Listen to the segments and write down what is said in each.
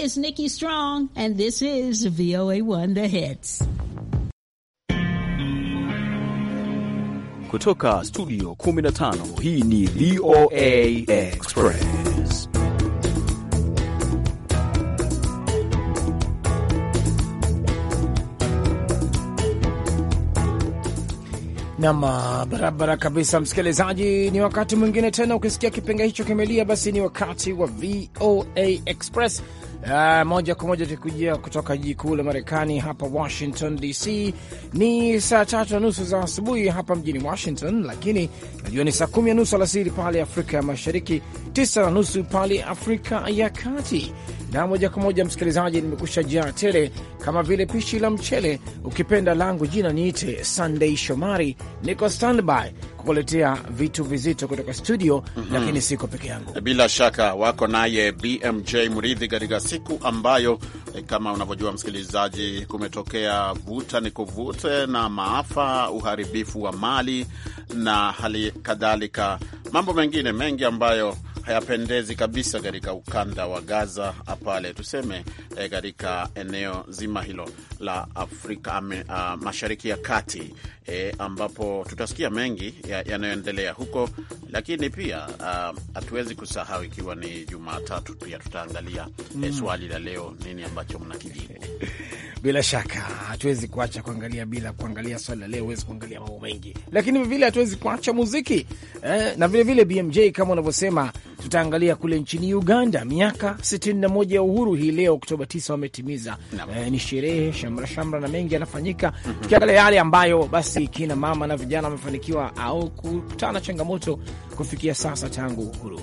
It's Nikki Strong, and this is VOA1 The Hits. Kutoka studio 15, hii ni VOA Express. Nam, ah, barabara kabisa, msikilizaji. Ni wakati mwingine tena, ukisikia kipenga hicho kimelia, basi ni wakati wa VOA Express Uh, moja kwa moja tukikujia kutoka jiji kuu la Marekani hapa Washington DC. Ni saa tatu na nusu za asubuhi hapa mjini Washington, lakini najua ni saa kumi na nusu alasiri pale Afrika ya Mashariki, tisa na nusu pale Afrika ya Kati. Na moja kwa moja, msikilizaji, nimekusha jaa tele kama vile pishi la mchele, ukipenda langu jina niite Sunday Shomari, niko standby kukuletea vitu vizito kutoka studio mm -hmm. Lakini siko peke yangu, bila shaka wako naye BMJ Mridhi katika siku ambayo eh, kama unavyojua msikilizaji, kumetokea vuta ni kuvute na maafa, uharibifu wa mali na hali kadhalika mambo mengine mengi ambayo hayapendezi kabisa katika ukanda wa Gaza pale tuseme eh, katika eh, eneo zima hilo la Afrika ame, uh, Mashariki ya Kati eh, ambapo tutasikia mengi yanayoendelea ya huko, lakini pia ah, hatuwezi kusahau, ikiwa ni Jumatatu, pia tutaangalia eh, mm, eh, swali la leo, nini ambacho mnakijibu Bila shaka hatuwezi kuacha kuangalia bila kuangalia swali la leo, huwezi kuangalia mambo mengi, lakini vilevile hatuwezi kuacha muziki eh, na vilevile vile BMJ kama unavyosema tutaangalia kule nchini Uganda, miaka 61 ya uhuru hii leo Oktoba 9 wametimiza. E, ni sherehe shamra shamra na mengi yanafanyika, tukiangalia yale ambayo basi kina mama na vijana wamefanikiwa au kukutana changamoto kufikia sasa tangu uhuru.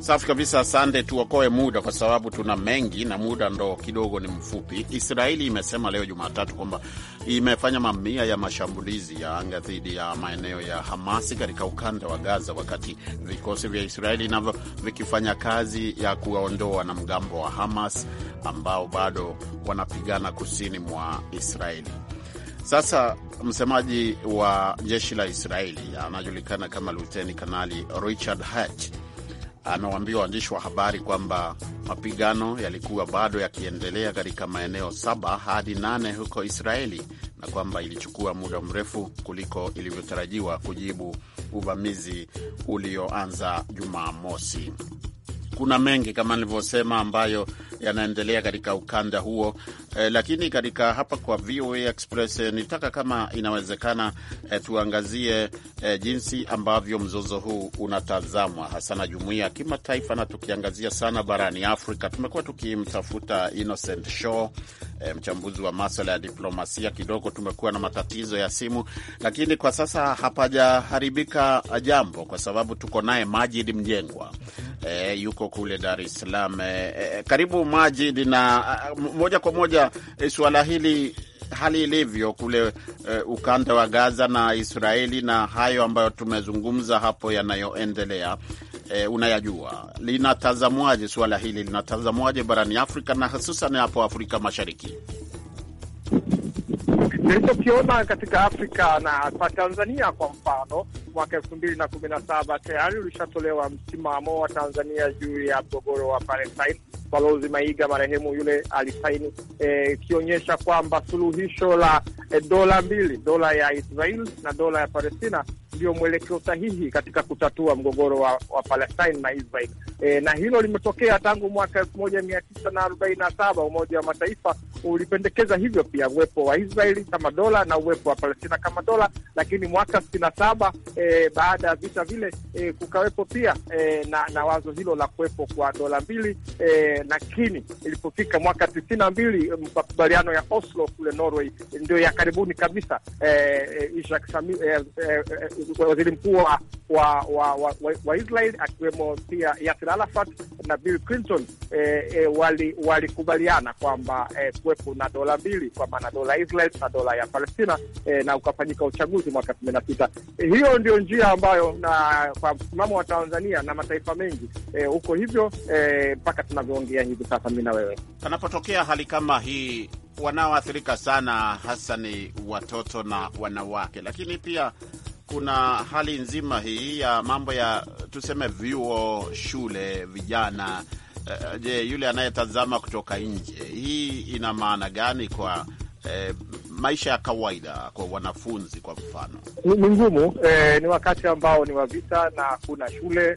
Safi kabisa, asante. Tuokoe muda kwa sababu tuna mengi na muda ndo kidogo ni mfupi. Israeli imesema leo Jumatatu kwamba imefanya mamia ya mashambulizi ya anga dhidi ya maeneo ya Hamasi katika ukanda wa Gaza, wakati vikosi vya Israeli navyo vikifanya kazi ya kuwaondoa wanamgambo wa Hamas ambao bado wanapigana kusini mwa Israeli. Sasa msemaji wa jeshi la Israeli anajulikana kama Luteni Kanali Richard Hatch amewaambia waandishi wa habari kwamba mapigano yalikuwa bado yakiendelea katika maeneo saba hadi nane huko Israeli na kwamba ilichukua muda mrefu kuliko ilivyotarajiwa kujibu uvamizi ulioanza Jumamosi kuna mengi kama nilivyosema ambayo yanaendelea katika ukanda huo eh, lakini katika hapa kwa VOA Express eh, nitaka kama inawezekana eh, tuangazie eh, jinsi ambavyo mzozo huu unatazamwa hasa na jumuiya ya kimataifa, na tukiangazia sana barani Afrika. Tumekuwa tukimtafuta Innocent Show Eh, mchambuzi wa maswala ya diplomasia. Kidogo tumekuwa na matatizo ya simu, lakini kwa sasa hapajaharibika jambo, kwa sababu tuko naye Majid Mjengwa e, yuko kule Dar es Salaam. E, karibu Majid, na moja kwa moja e, suala hili hali ilivyo kule e, ukanda wa Gaza na Israeli na hayo ambayo tumezungumza hapo yanayoendelea e, unayajua. Linatazamwaje suala hili, linatazamwaje barani Afrika na hususan hapo Afrika Mashariki? Nilichokiona katika Afrika na kwa Tanzania kwa mfano, mwaka elfu mbili na kumi na saba tayari ulishatolewa msimamo wa Tanzania juu ya mgogoro wa Palestine. Balozi Maiga marehemu yule alisaini ikionyesha eh, e, kwamba suluhisho la e, dola mbili, dola ya Israel na dola ya Palestina ndio mwelekeo sahihi katika kutatua mgogoro wa, wa Palestine na Israel. E, na hilo limetokea tangu mwaka elfu moja mia tisa na arobaini na saba. Umoja wa Mataifa ulipendekeza hivyo pia uwepo wa Israeli kama dola na uwepo wa Palestina kama dola, lakini mwaka sitini na saba e, baada ya vita vile e, kukawepo pia e, na, na wazo hilo la kuwepo kwa dola mbili, lakini e, ilipofika mwaka tisini na mbili makubaliano ya Oslo kule Norway ndio ya karibuni kabisa e, e, waziri mkuu wa, wa, wa, wa, wa Israel akiwemo pia Yasir Arafat na Bill Clinton eh, eh, walikubaliana wali kwamba eh, kuwepo na dola mbili kwa maana dola ya Israel na dola ya Palestina eh, na ukafanyika uchaguzi mwaka kumi na sita. Eh, hiyo ndio njia ambayo na kwa msimamo wa Tanzania na mataifa mengi eh, huko eh, hivyo mpaka eh, tunavyoongea hivi sasa, mi na wewe, panapotokea hali kama hii wanaoathirika sana hasa ni watoto na wanawake, lakini pia kuna hali nzima hii ya mambo ya tuseme vyuo, shule, vijana. Eh, eh, je, yule anayetazama kutoka nje, hii ina maana gani kwa eh, maisha ya kawaida kwa wanafunzi kwa mfano? Ni ngumu eh, ni wakati ambao ni wa vita na kuna shule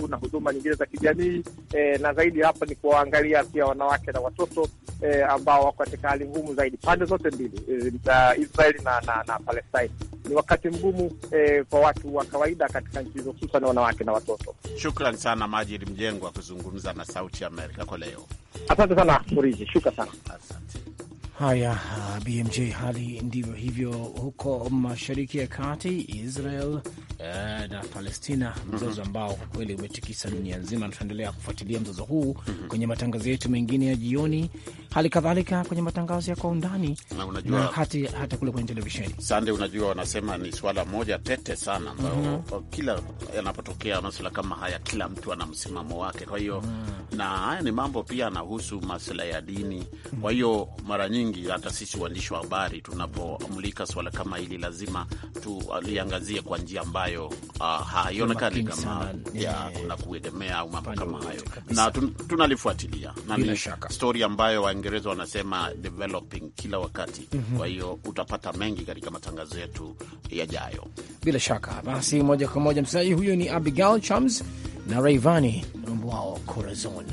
kuna huduma nyingine za kijamii eh, na zaidi hapo ni kuwaangalia pia wanawake na watoto eh, ambao wako katika hali ngumu zaidi pande zote mbili eh, za Israeli na, na, na Palestine ni wakati mgumu eh, kwa watu wa kawaida katika nchi hizo hususan wanawake na watoto. Shukran sana Majid Mjengwa kuzungumza na Sauti ya Amerika kwa leo. Asante sana Muriji, shuka sana asante. Haya, uh, BMJ, hali ndivyo hivyo huko mashariki ya kati. Israel Eh, na Palestina, mzozo mhm. ambao kwa kweli umetikisa dunia nzima, na tutaendelea kufuatilia mzozo huu mhm. kwenye matangazo yetu mengine ya jioni, hali kadhalika kwenye matangazo ya kwa undani na unajua, na hati, hata kule kwenye televisheni. Sande, unajua wanasema ni swala moja tete sana ambayo mm -hmm. kila yanapotokea masuala kama haya kila mtu ana msimamo wake, kwa hiyo mm -hmm. na haya ni mambo pia yanahusu masuala ya dini. Kwa hiyo mara nyingi hata sisi waandishi wa habari tunapomulika swala kama hili lazima tuliangazie kwa njia mbaya ambayo ah, haionekani uh, kama ya eh, kuna kuegemea au mambo kama hayo, na tun, tunalifuatilia na ni stori ambayo Waingereza wanasema developing kila wakati mm -hmm. Kwa hiyo utapata mengi katika matangazo yetu yajayo, bila shaka. Basi moja kwa moja msanii huyo ni Abigail Chams na Rayvanny mambo wao Corazon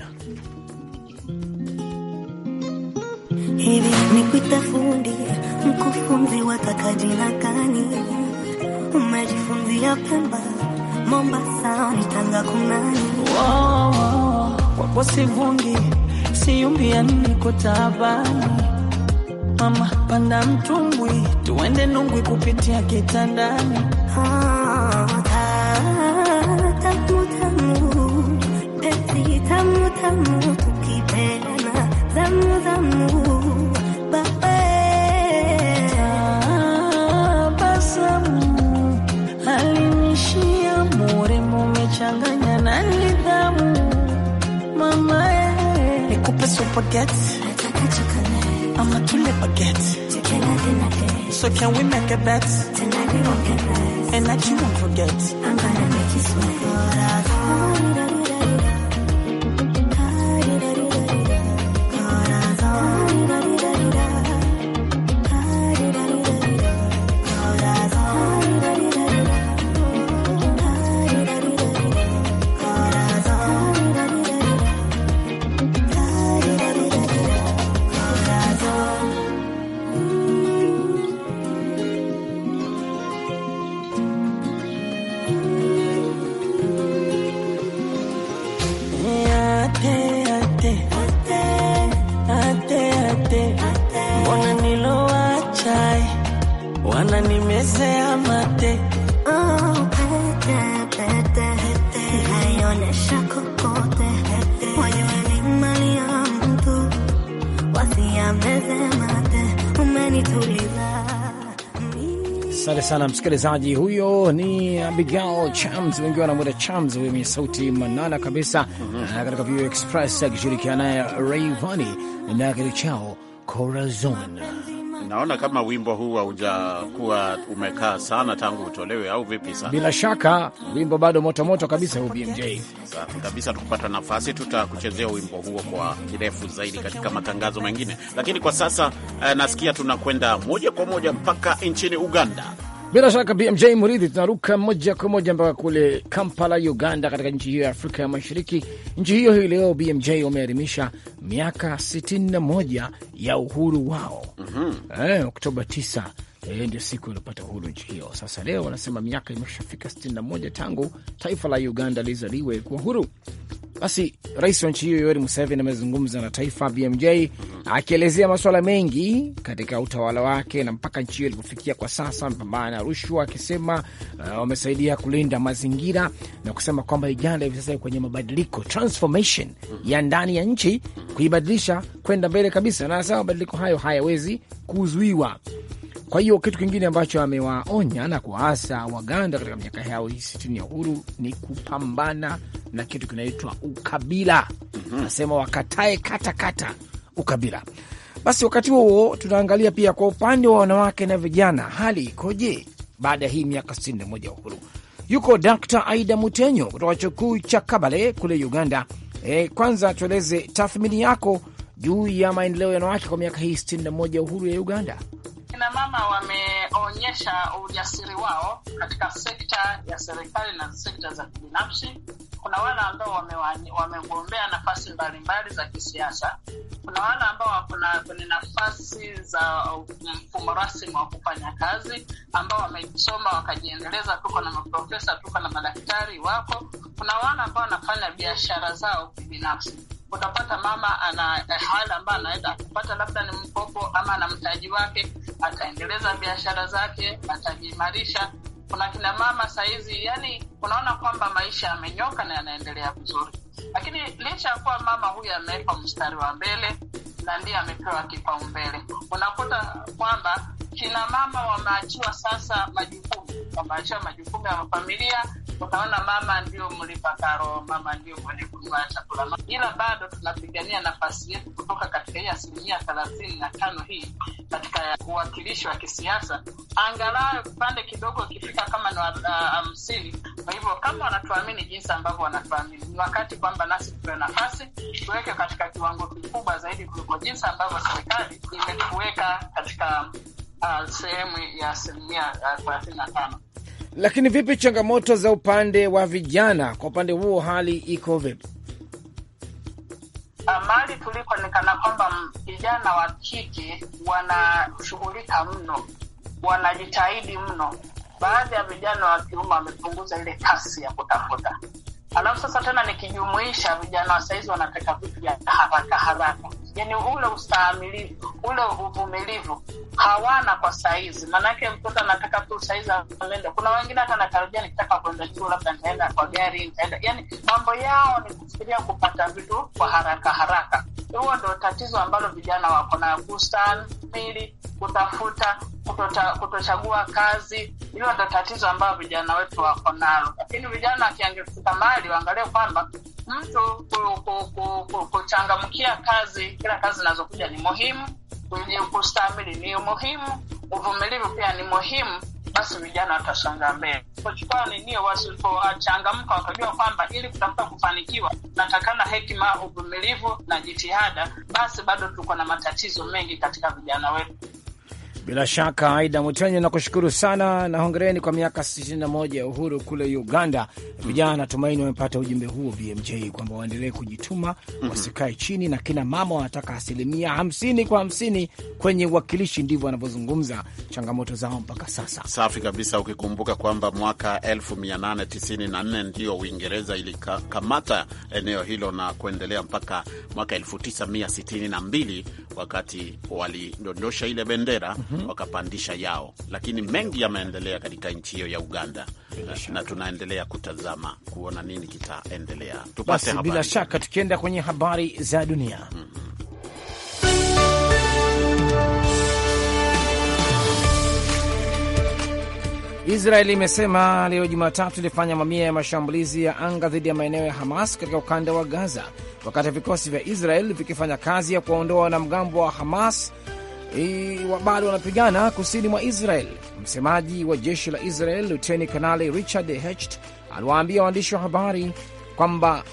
hivi ni kuitafundi mkufunzi wataka jina gani? umejifunzia Pemba, Mombasa, Tanga kunani wapo Sivungi, Siyumbia niko tabani mama, panda mtumbwi tuende Nungwi kupitia kitandani ah, tamu tamu, pesi tamu tamu, tukipelana zamu zamu forget. I'ma kill forget. So can we make a bet? Tonight we won't get And that you won't forget. I'm gonna make you sweat. sana msikilizaji. Huyo ni Abigail Chams, wengi wanamwita Chams, huyo mwenye sauti manana kabisa mm -hmm. katika Vio Express akishirikiana naye Rayvanny na kitu chao Corazon. Naona kama wimbo huu haujakuwa umekaa sana tangu utolewe, au vipi? Sana, bila shaka wimbo bado motomoto kabisa huu BMJ kabisa. Tukupata nafasi, tutakuchezea wimbo huo kwa kirefu zaidi katika matangazo mengine, lakini kwa sasa eh, nasikia tunakwenda moja kwa moja mpaka nchini Uganda. Bila shaka BMJ Muridhi, tunaruka moja kwa moja mpaka kule Kampala, Uganda, katika nchi hiyo ya Afrika ya Mashariki. Nchi hiyo hii leo BMJ wameadhimisha miaka 61 ya uhuru wao, mm -hmm. eh, Oktoba 9 E, ndio siku iliopata uhuru nchi hiyo. Sasa leo wanasema miaka imeshafika 61 tangu taifa la Uganda lizaliwe kuwa huru. Basi rais wa nchi hiyo Yoweri Museveni amezungumza na taifa BMJ akielezea masuala mengi katika utawala wake na mpaka nchi hiyo ilipofikia kwa sasa, mpambana na rushwa, akisema uh, wamesaidia uh, kulinda mazingira na kusema kwamba Uganda hivi sasa kwenye mabadiliko transformation ya ndani ya nchi, kuibadilisha kwenda mbele kabisa, na anasema mabadiliko hayo hayawezi kuzuiwa. Kwa hiyo kitu kingine ambacho amewaonya na kuwaasa Waganda katika miaka yao hii sitini ya uhuru ni kupambana na kitu kinaitwa ukabila. Mhm. Anasema wakatae katakata ukabila. Basi wakati huo tunaangalia pia kwa upande wa wanawake na vijana, hali ikoje baada ya hii miaka sitini na moja ya uhuru? Yuko Dr Aida Mutenyo kutoka chuo kikuu cha Kabale kule Uganda. E, kwanza tueleze tathmini yako juu ya maendeleo ya wanawake kwa miaka hii sitini na moja ya uhuru ya Uganda kina mama wameonyesha ujasiri wao katika sekta ya serikali na sekta za kibinafsi. Kuna wale ambao wamegombea nafasi mbalimbali za kisiasa. Kuna wale ambao wako kwenye nafasi za mfumo rasmi wa kufanya kazi, ambao wamesoma wakajiendeleza. Tuko na maprofesa, tuko na madaktari wako. Kuna wale ambao wanafanya biashara zao kibinafsi. Utapata mama ana eh, hali ambayo anaenda kupata labda ni mkopo ama na mtaji wake ataendeleza biashara zake, atajiimarisha. Kuna kina mama sahizi, yani unaona kwamba maisha yamenyoka na yanaendelea vizuri, lakini licha ya kuwa mama huyu amewekwa mstari wa mbele na ndiye amepewa kipaumbele, unakuta kwamba kina mama wameachiwa sasa majukumu, wameachiwa majukumu ya familia unaona, mama ndio mlipa karo, mama ndio mwenyekunua chakula, ila bado tunapigania nafasi yetu kutoka katika hii asilimia thelathini na tano hii katika uwakilishi wa kisiasa, angalau kipande kidogo kifika kama ni ah, hamsini. Uh, kwa hivyo kama wanatuamini jinsi ambavyo wanatuamini, ni wakati kwamba nasi tuwe nafasi tuweke katika kiwango kikubwa zaidi kuliko jinsi ambavyo serikali imetuweka katika uh, sehemu ya asilimia ah, thelathini na tano. Lakini vipi changamoto za upande wa vijana, kwa upande huo hali iko vipi? Ah, mahali tuliko ni kana kwamba vijana wa kike wanashughulika mno, wanajitahidi mno. Baadhi ya vijana wa kiume wamepunguza ile kasi ya kutafuta. Alafu sasa tena nikijumuisha vijana wa saizi wanataka vitu vya haraka haraka yani ule ustaamilivu, ule uvumilivu hawana kwa saizi. Maanake mtoto anataka tu saizi ameenda. Kuna wengine hata natarajia nikitaka kwenda juu, labda nitaenda kwa gari, nitaenda yani, mambo yao ni kufikiria kupata vitu kwa haraka haraka. Huo ndo tatizo ambalo vijana wako na kustamili, kutafuta, kutota, kutochagua kazi. Hiyo ndo tatizo ambayo vijana wetu wako nalo, lakini vijana akiangefika mali waangalie kwamba mtu kuchangamkia kazi kila kazi zinazokuja ni muhimu, kustahimili ni muhimu, uvumilivu pia ni muhimu, basi vijana watasonga mbele. Kuchukua nio wasipochangamka wakajua kwamba ili kutafuta kufanikiwa natakana hekima, uvumilivu na jitihada, basi bado tuko na matatizo mengi katika vijana wetu. Bila shaka Aida Mutenyo, nakushukuru sana na hongereni kwa miaka 61 ya uhuru kule Uganda. Vijana natumaini wamepata ujumbe huo BMJ, kwamba waendelee kujituma, mhm. wasikae chini, na kina mama wanataka asilimia 50 kwa 50 kwenye uwakilishi, ndivyo wanavyozungumza changamoto zao mpaka sasa. Safi kabisa, ukikumbuka kwamba mwaka 1894 ndio Uingereza ilikamata eneo hilo na kuendelea mpaka mwaka 1962 wakati walidondosha ile bendera Mhm. wakapandisha yao, lakini mengi yameendelea katika nchi hiyo ya Uganda na tunaendelea kutazama kuona nini kitaendelea. Tupate basi Bila shaka tukienda kwenye habari za dunia mm -hmm. Israeli imesema leo Jumatatu ilifanya mamia ya mashambulizi ya anga dhidi ya maeneo ya Hamas katika ukanda wa Gaza, wakati vikosi vya Israel vikifanya kazi ya kuwaondoa wanamgambo wa Hamas bado wanapigana kusini mwa Israel. Msemaji wa jeshi la Israel Luteni Kanali Richard Hecht aliwaambia waandishi wa habari kwamba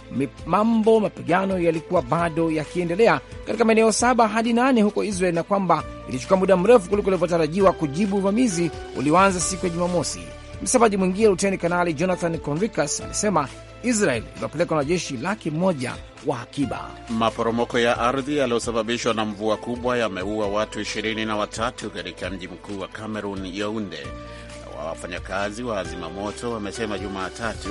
mambo mapigano yalikuwa bado yakiendelea katika maeneo saba hadi nane huko Israel na kwamba ilichukua muda mrefu kuliko ilivyotarajiwa kujibu uvamizi ulioanza siku ya Jumamosi. Msemaji mwingine Luteni Kanali Jonathan Conricus alisema Israel na wanajeshi laki moja wa akiba. Maporomoko ya ardhi yaliyosababishwa na mvua kubwa yameua watu ishirini na watatu katika mji mkuu wa Cameroon, Yaounde, wa wafanyakazi wa zimamoto wamesema Jumatatu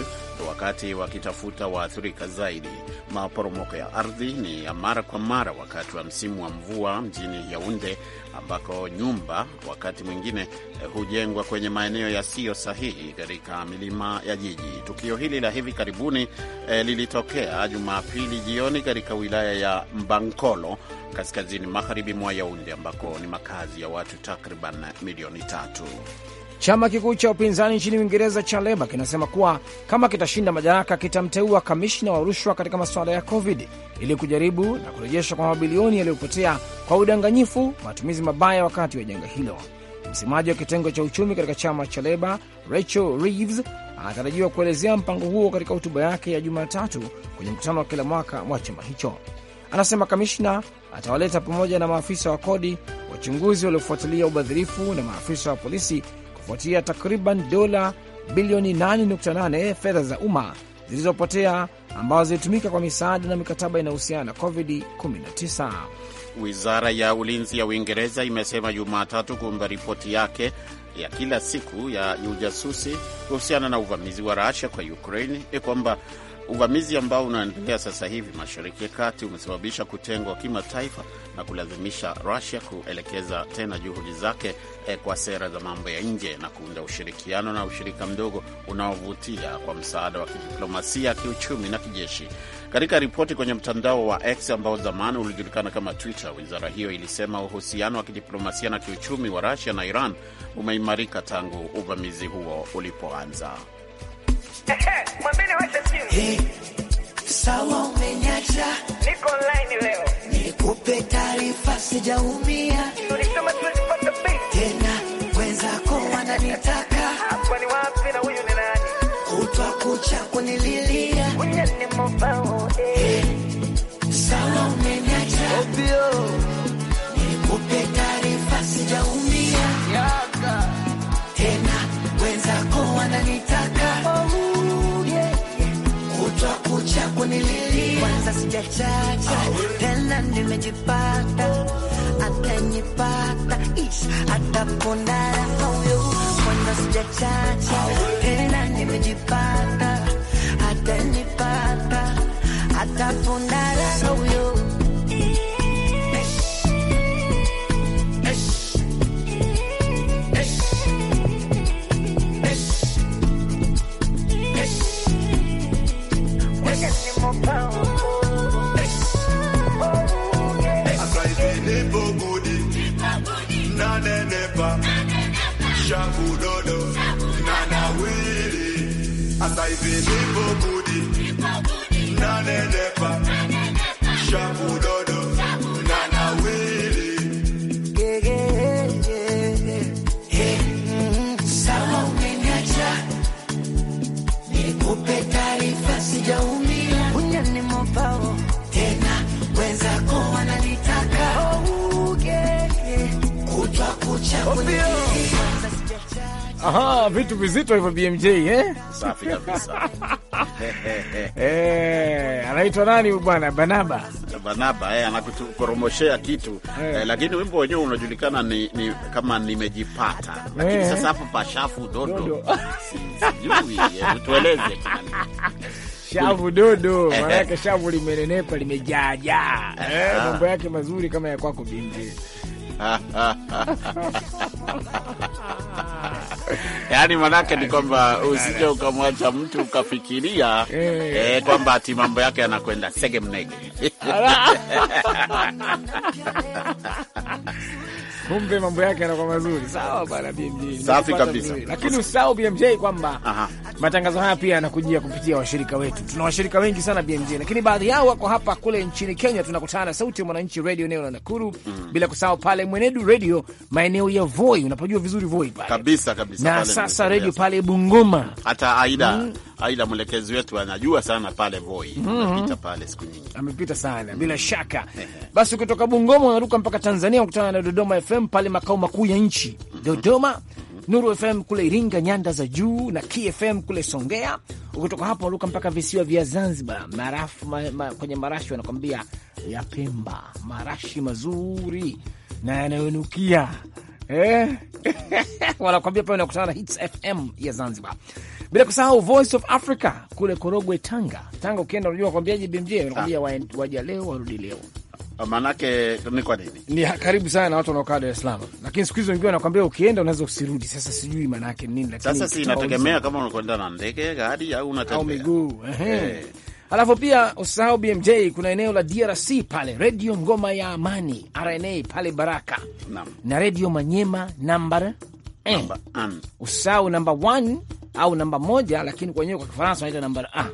wakati wakitafuta waathirika zaidi. Maporomoko ya ardhi ni ya mara kwa mara wakati wa msimu wa mvua mjini Yaunde, ambako nyumba wakati mwingine hujengwa kwenye maeneo yasiyo sahihi katika milima ya jiji. Tukio hili la hivi karibuni eh, lilitokea Jumapili jioni katika wilaya ya Mbankolo kaskazini magharibi mwa Yaunde, ambako ni makazi ya watu takriban milioni tatu. Chama kikuu cha upinzani nchini Uingereza cha Leba kinasema kuwa kama kitashinda madaraka, kitamteua kamishna wa rushwa katika masuala ya COVID ili kujaribu na kurejesha kwa mabilioni yaliyopotea kwa udanganyifu, matumizi mabaya wakati wa janga hilo. Msemaji wa kitengo cha uchumi katika chama cha Leba, Rachel Reeves, anatarajiwa kuelezea mpango huo katika hotuba yake ya Jumatatu kwenye mkutano wa kila mwaka wa chama hicho. Anasema kamishna atawaleta pamoja na maafisa wa kodi, wachunguzi waliofuatilia ubadhirifu na maafisa wa polisi kufuatia takriban dola bilioni 8.8 fedha za umma zilizopotea ambazo zilitumika kwa misaada na mikataba inayohusiana na COVID-19. Wizara ya ulinzi ya Uingereza imesema Jumatatu kwamba ripoti yake ya kila siku ya ujasusi kuhusiana na uvamizi wa Russia kwa Ukraine kwamba Uvamizi ambao unaendelea sasa hivi Mashariki ya Kati umesababisha kutengwa kimataifa na kulazimisha rasia kuelekeza tena juhudi zake eh, kwa sera za mambo ya nje na kuunda ushirikiano na ushirika mdogo unaovutia kwa msaada wa kidiplomasia, kiuchumi na kijeshi. Katika ripoti kwenye mtandao wa X ambao zamani ulijulikana kama Twitter, wizara hiyo ilisema uhusiano wa kidiplomasia na kiuchumi wa rasia na Iran umeimarika tangu uvamizi huo ulipoanza. Hey, sawa umenyacha, niko online leo, nikupe taarifa, sijaumia tena, wenzako wananitaka kutwa kucha kunililia. Eh. sijachacha tena, nimejipata atanipata ataponana huyo mwana, sijachacha tena, nimejipata atanipata ataponana huyo Baby, lipo booty. Aha, vitu vizito hivyo BMJ, eh? Safi kabisa. Eh, anaitwa nani huyu bwana? Banaba. Banaba, eh, anakutoromoshea kitu. Eh. eh, lakini wimbo wenyewe unajulikana ni, ni kama nimejipata. Lakini eh, sasa hapo pashafu dodo. Sijui, eh, tueleze shavu dodo, maana yake shavu limenenepa, limejaajaa. Eh, ah. mambo yake mazuri kama ya kwako BMJ. Yaani manake ni kwamba usije ukamwacha mtu ukafikiria eh, eh kwamba ati mambo yake yanakwenda segemnege Kumbe mambo yake yanakuwa mazuri. Sawa bana BMJ. Safi kabisa. Lakini usahau BMJ kwamba matangazo haya pia yanakujia kupitia washirika wetu. Tuna washirika wengi sana BMJ, lakini baadhi yao wako hapa kule nchini Kenya. Tunakutana na Sauti ya Mwananchi Radio eneo la Nakuru, mm. bila kusahau pale Mwenedu Radio maeneo ya Voi, unapojua vizuri Voi pale. Kabisa kabisa na pale. sasa redio pale Bungoma. Hata Aida. Mm aila mwelekezi wetu anajua sana pale Voi. mm -hmm. Amepita pale siku nyingi, amepita sana bila mhm. shaka. Basi kutoka Bungoma unaruka mpaka Tanzania, unakutana na Dodoma FM pale makao makuu ya nchi mhm. Dodoma. Mhm. Nuru FM kule Iringa, nyanda za juu na KFM kule Songea. Ukitoka hapo waruka mpaka visiwa vya Zanzibar, marafu, ma, ma, kwenye marashi wanakwambia ya Pemba, marashi mazuri na yanayonukia eh. wanakwambia pale unakutana na Hits FM ya Zanzibar, bila kusahau Voice of Africa kule Korogwe, Tanga. Tanga ukienda unajua wakwambiaje, BMJ wanakwambia ah. waja leo warudi leo ah, Manake ni kwa nini ni karibu sana na watu wanaokaa Dar es Salaam, lakini siku hizi wengine wanakwambia ukienda unaweza usirudi. Sasa sijui maanake nini, lakini sasa si inategemea kama unakwenda na ndege, gari au unatembea au miguu. Eh. Alafu pia usahau BMJ, kuna eneo la DRC pale redio Ngoma ya Amani RNA pale Baraka na, na redio Manyema namba eh. usahau namba 1 au namba moja, lakini kwenyewe kwa Kifaransa wanaita namba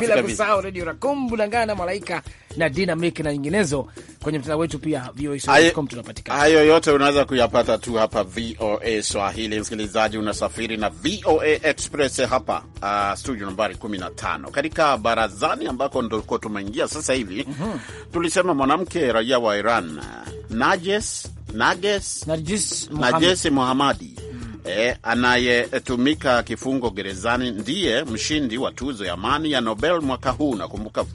bila kusahau redio Rakum Bulangana na Malaika na Dinamik na nyinginezo kwenye mtandao wetu pia voa.com tunapatikana. Hayo yote unaweza kuyapata tu hapa VOA Swahili. Msikilizaji, unasafiri na VOA Express hapa uh, studio nambari 15 katika barazani ambako ndoko tumeingia sasa hivi. mm -hmm. Tulisema mwanamke raia wa Iran Najes Najes Najesi Muhamadi e, anayetumika kifungo gerezani ndiye mshindi wa tuzo ya amani ya Nobel mwaka huu. Nakumbuka uh,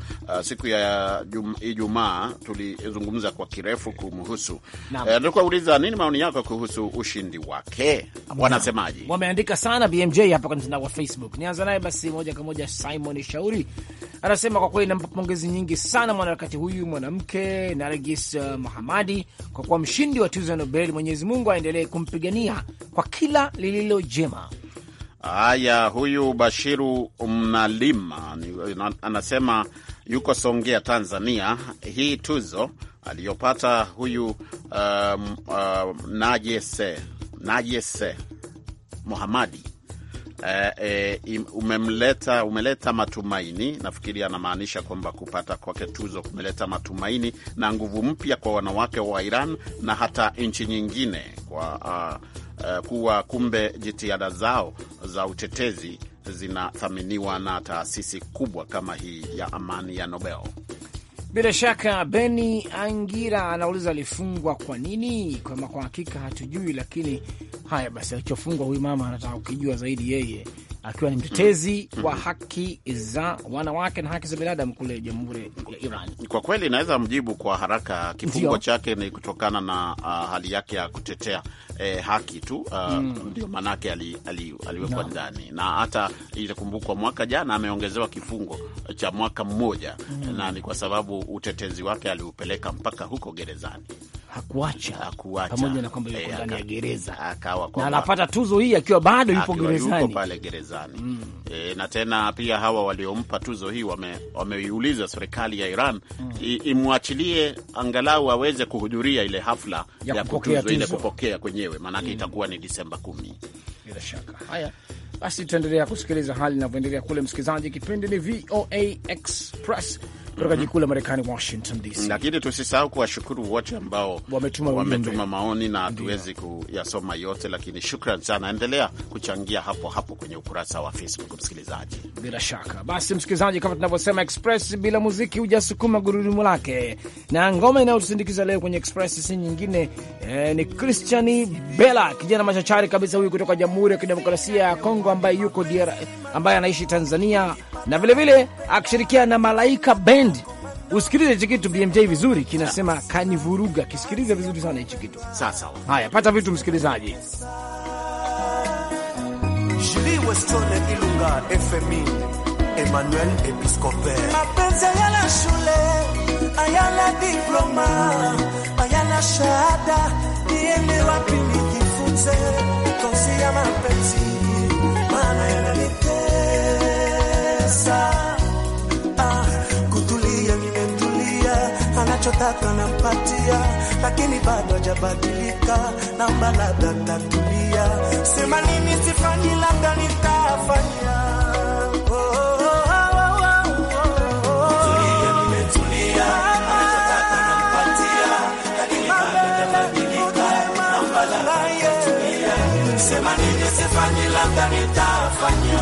siku ya Ijumaa tulizungumza kwa kirefu kumhusu e, tuliuliza nini maoni yako kuhusu ushindi wake, wanasemaji wameandika sana BMJ hapa kwenye mtandao wa Facebook. Nianza naye basi moja kwa moja, Simon Shauri anasema kwa kweli nampa pongezi nyingi sana mwanaharakati huyu mwanamke Nargis uh, Mohamadi kwa kuwa mshindi wa tuzo ya Nobel. Mwenyezi Mungu aendelee kumpigania kwa kila kila lililo jema. Haya, huyu Bashiru Mnalima anasema yuko Songea, Tanzania. Hii tuzo aliyopata huyu um, uh, Najese, Najese Muhamadi Uh, uh, umemleta, umeleta matumaini. Nafikiri anamaanisha kwamba kupata kwake tuzo kumeleta matumaini na nguvu mpya kwa wanawake wa Iran na hata nchi nyingine kwa uh, Eh, kuwa kumbe jitihada zao za utetezi zinathaminiwa na taasisi kubwa kama hii ya amani ya Nobel. Bila shaka Beni Angira anauliza alifungwa kwa nini? Kama kwa hakika hatujui, lakini haya basi, alichofungwa huyu mama anataka kukijua zaidi yeye akiwa ni mtetezi wa haki za wanawake na haki za binadamu kule Jamhuri ya Iran. Kwa kweli naweza mjibu kwa haraka, kifungo chake ni kutokana na uh, hali yake ya kutetea eh, haki tu uh, mm. ndio mm. maanake aliwekwa ali, ali ndani na hata itakumbukwa mwaka jana ameongezewa kifungo cha mwaka mmoja mm. na ni kwa sababu utetezi wake aliupeleka mpaka huko gerezani hakuacha hakuacha, pamoja na kwamba yuko eh, ndani ya gereza akawa kwa na anapata tuzo hii akiwa bado yupo gerezani, yuko pale gerezani mm. E, na tena pia hawa waliompa tuzo hii wame, wameiuliza serikali ya Iran mm. imwachilie angalau aweze kuhudhuria ile hafla ya, ya kutuzo ile kupokea kwenyewe maanake mm. itakuwa ni Disemba kumi bila shaka. Haya. Basi tutaendelea kusikiliza hali inavyoendelea kule, msikilizaji. Kipindi ni VOA Express kutoka jikuu la Marekani, Washington DC. Lakini tusisahau kuwashukuru wote ambao wametuma, wametuma maoni na hatuwezi kuyasoma yote, lakini shukran sana. Endelea kuchangia hapo hapo kwenye ukurasa wa Facebook, msikilizaji. Bila shaka, basi msikilizaji, kama tunavyosema Express bila muziki hujasukuma gurudumu lake, na ngoma inayotusindikiza leo kwenye Express si nyingine eh, ni Christian Bella, kijana machachari kabisa huyu kutoka Jamhuri ya Kidemokrasia ya Kongo ambaye yuko DR, ambaye anaishi Tanzania na vilevile akishirikiana na Malaika Band. Usikilize hichi kitu BMJ vizuri, kinasema kanivuruga. Kisikilize vizuri sana hichi kitu. Sasa haya, pata vitu msikilizaji Emmanuel Episcopel. Mapenzi hayana shule, hayana diploma, hayana shahada, niende wapi nijifunze? Kosi ya mapenzi Ah, Nachotaka nampatia, lakini bado hajabadilika. Naomba labda tatulia, sema nini sifanye, labda nitafanya sifanyi labda nitafanya.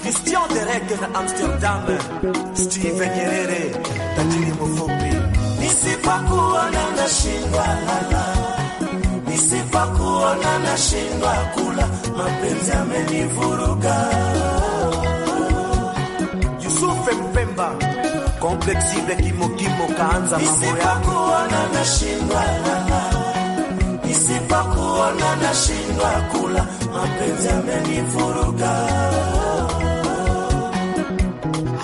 Christian Derek na Amsterdam, Steven Nyerere, tajiri mfupi. Nisipokuona nashindwa lala, nisipokuona nashindwa kula, mapenzi amenivuruga. Yusufe Mpemba, komplexible kimokimo kaanza mambo yako. Nisipokuona nashindwa lala Nisipokuona nashindwa kula, mapenzi amenifuruga.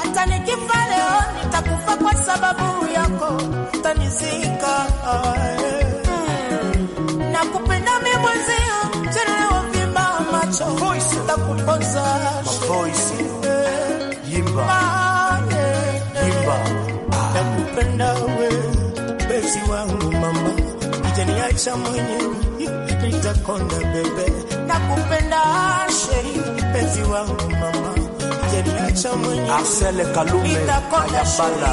Hata nikifa leo nitakufa kwa sababu yako, utanizika mm. Nakupenda mimi mwenzio, tena wavimba macho, sitakupoza kuacha mwenyewe nitakonda bebe na sheri mpenzi wangu mama jeniacha mwenyewe Asele Kalume nitakonda bala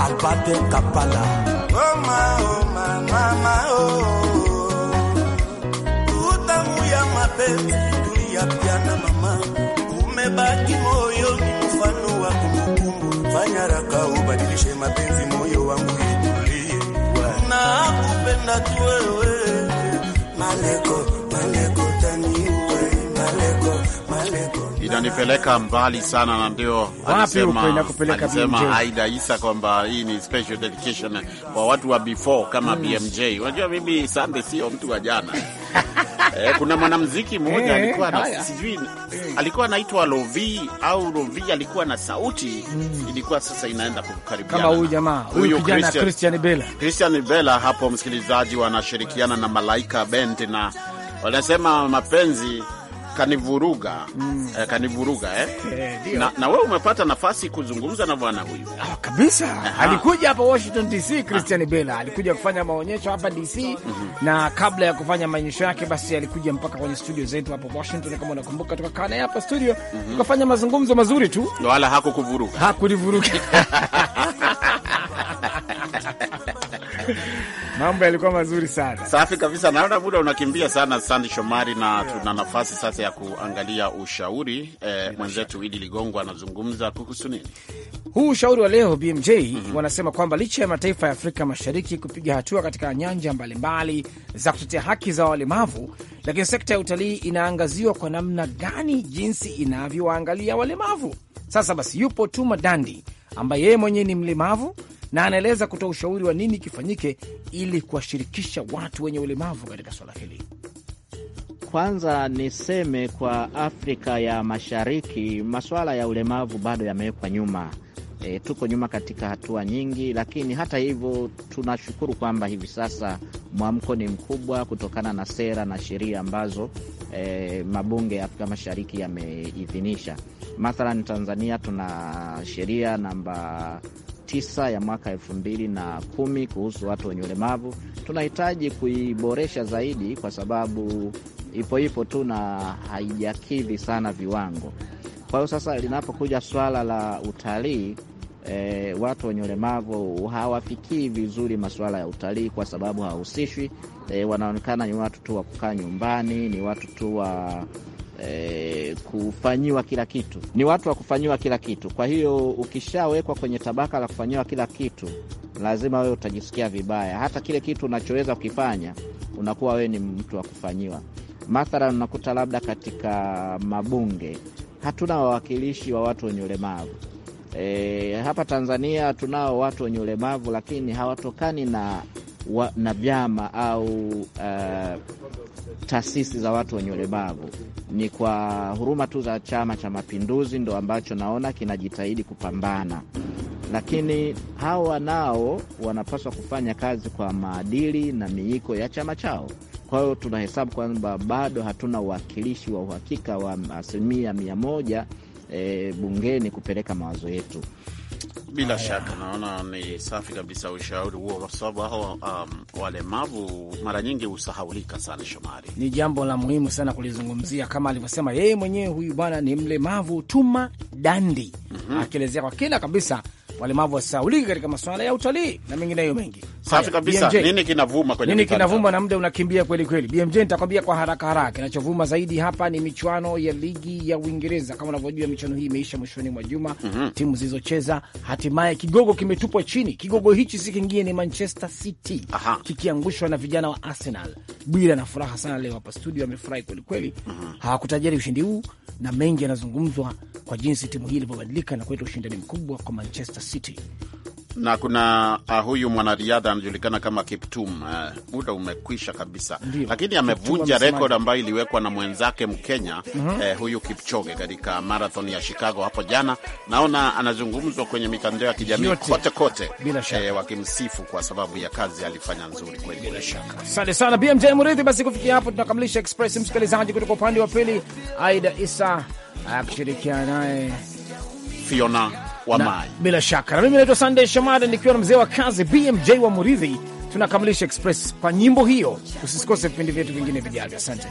Abate Kapala oh mama mama oh utamu ya mapenzi dunia piana mama umebaki moyo ni mfano wa kumbukumbu fanya raka ubadilishe mapenzi moyo wangu nakupenda tu wewe Maleko inanipeleka mbali sana, na ndio alisema Aida Isa kwamba hii ni special dedication kwa watu wa before kama mm. BMJ. Unajua mimi Sande sio mtu wa jana Eh, kuna mwanamuziki mmoja hey, eh, alikuwa na sijui hey, eh. alikuwa anaitwa Lovi au Lovi alikuwa na sauti mm, ilikuwa sasa inaenda kukaribiana kama huyu jamaa huyu Christian, Christian Bella, Christian Bella hapo, msikilizaji, wanashirikiana na Malaika Band na wanasema mapenzi kanivuruga mm. kanivuruga eh? eh? eh na, na wewe umepata nafasi kuzungumza na bwana huyu ah, kabisa. Aha. Alikuja hapa Washington DC Christian ah. Bella alikuja kufanya maonyesho hapa DC mm -hmm. na kabla ya kufanya maonyesho yake basi alikuja mpaka kwenye studio zetu hapa Washington, kama unakumbuka, tukakaa naye hapa studio mm -hmm. tukafanya mazungumzo mazuri tu, wala hakukuvuruga hakulivuruga Mambo yalikuwa mazuri sana, safi kabisa. Naona muda unakimbia sana, Sandi Shomari, na yeah, tuna nafasi sasa ya kuangalia ushauri eh, mwenzetu Idi Ligongo anazungumza kuhusu nini huu ushauri wa leo BMJ. mm -hmm. Wanasema kwamba licha ya mataifa ya Afrika Mashariki kupiga hatua katika nyanja mbalimbali za kutetea haki za walemavu, lakini sekta ya utalii inaangaziwa kwa namna gani, jinsi inavyowaangalia walemavu. Sasa basi, yupo Tuma Dandi ambaye yeye mwenyewe ni mlemavu na anaeleza kutoa ushauri wa nini kifanyike ili kuwashirikisha watu wenye ulemavu katika swala hili. Kwanza niseme kwa Afrika ya Mashariki, masuala ya ulemavu bado yamewekwa nyuma. E, tuko nyuma katika hatua nyingi, lakini hata hivyo tunashukuru kwamba hivi sasa mwamko ni mkubwa kutokana na sera na sheria ambazo e, mabunge ya Afrika Mashariki yameidhinisha. Mathalan, Tanzania tuna sheria namba tisa ya mwaka elfu mbili na kumi kuhusu watu wenye ulemavu. Tunahitaji kuiboresha zaidi, kwa sababu ipo ipo tu na haijakidhi sana viwango. Kwa hiyo sasa linapokuja swala la utalii E, watu wenye ulemavu hawafikii vizuri masuala ya utalii kwa sababu hawahusishwi. E, eh, wanaonekana ni watu tu wa kukaa nyumbani, ni watu tu wa eh, kufanyiwa kila kitu, ni watu wa kufanyiwa kila kitu. Kwa hiyo ukishawekwa kwenye tabaka la kufanyiwa kila kitu, lazima wewe utajisikia vibaya. Hata kile kitu unachoweza kukifanya, unakuwa wewe ni mtu wa kufanyiwa. Mathalan, unakuta labda katika mabunge hatuna wawakilishi wa watu wenye ulemavu. E, hapa Tanzania tunao watu wenye ulemavu lakini hawatokani na wa, na vyama au uh, taasisi za watu wenye ulemavu. Ni kwa huruma tu za Chama cha Mapinduzi ndo ambacho naona kinajitahidi kupambana, lakini hawa nao wanapaswa kufanya kazi kwa maadili na miiko ya chama chao. Kwa hiyo tunahesabu kwamba bado hatuna uwakilishi wa uhakika wa asilimia mia moja e, bungeni kupeleka mawazo yetu. Bila Aya, shaka naona ni safi kabisa ushauri huo, kwa sababu hao um, walemavu mara nyingi husahaulika sana. Shomari, ni jambo la muhimu sana kulizungumzia, kama alivyosema yeye mwenyewe huyu bwana ni mlemavu Tuma Dandi mm -hmm. akielezea kwa kina kabisa walemavu wa sauliki katika masuala ya utalii na mengineyo mengi. Safi kabisa. BMJ, Nini kinavuma kwenye nini kinavuma, na muda unakimbia kweli kweli. BMJ, nitakwambia kwa haraka haraka kinachovuma zaidi hapa ni michuano ya ligi ya Uingereza. Kama unavyojua, michuano hii imeisha mwishoni mwa juma mm -hmm. timu zilizocheza, hatimaye kigogo kimetupwa chini. Kigogo hichi si kingine, ni Manchester City kikiangushwa na vijana wa Arsenal. Bwira na furaha sana leo hapa studio, amefurahi kweli kweli. mm -hmm. hawakutajiri ushindi huu, na mengi yanazungumzwa kwa jinsi timu hii ilivyobadilika na kuleta ushindani mkubwa kwa Manchester City na kuna uh, huyu mwanariadha anajulikana kama Kiptum. Uh, muda umekwisha kabisa Ndiyo. Lakini amevunja rekodi ambayo iliwekwa na mwenzake Mkenya mm -hmm. uh, huyu Kipchoge katika marathon ya Chicago hapo jana. Naona anazungumzwa kwenye mitandao ya kijamii kote kote, uh, wakimsifu kwa sababu ya kazi alifanya nzuri kweli. Bila shaka, asante sana BMJ Murithi. Basi kufikia hapo tunakamilisha Express msikilizaji, kutoka upande wa pili Aida Isa akishirikiana ah, naye Fiona wa maji Bila shaka na mimi naitwa Sunday Shomari nikiwa na mzee wa kazi BMJ wa Muridhi. Tunakamilisha Express kwa nyimbo hiyo. Usisikose vipindi vyetu vingine vijavyo. Asante.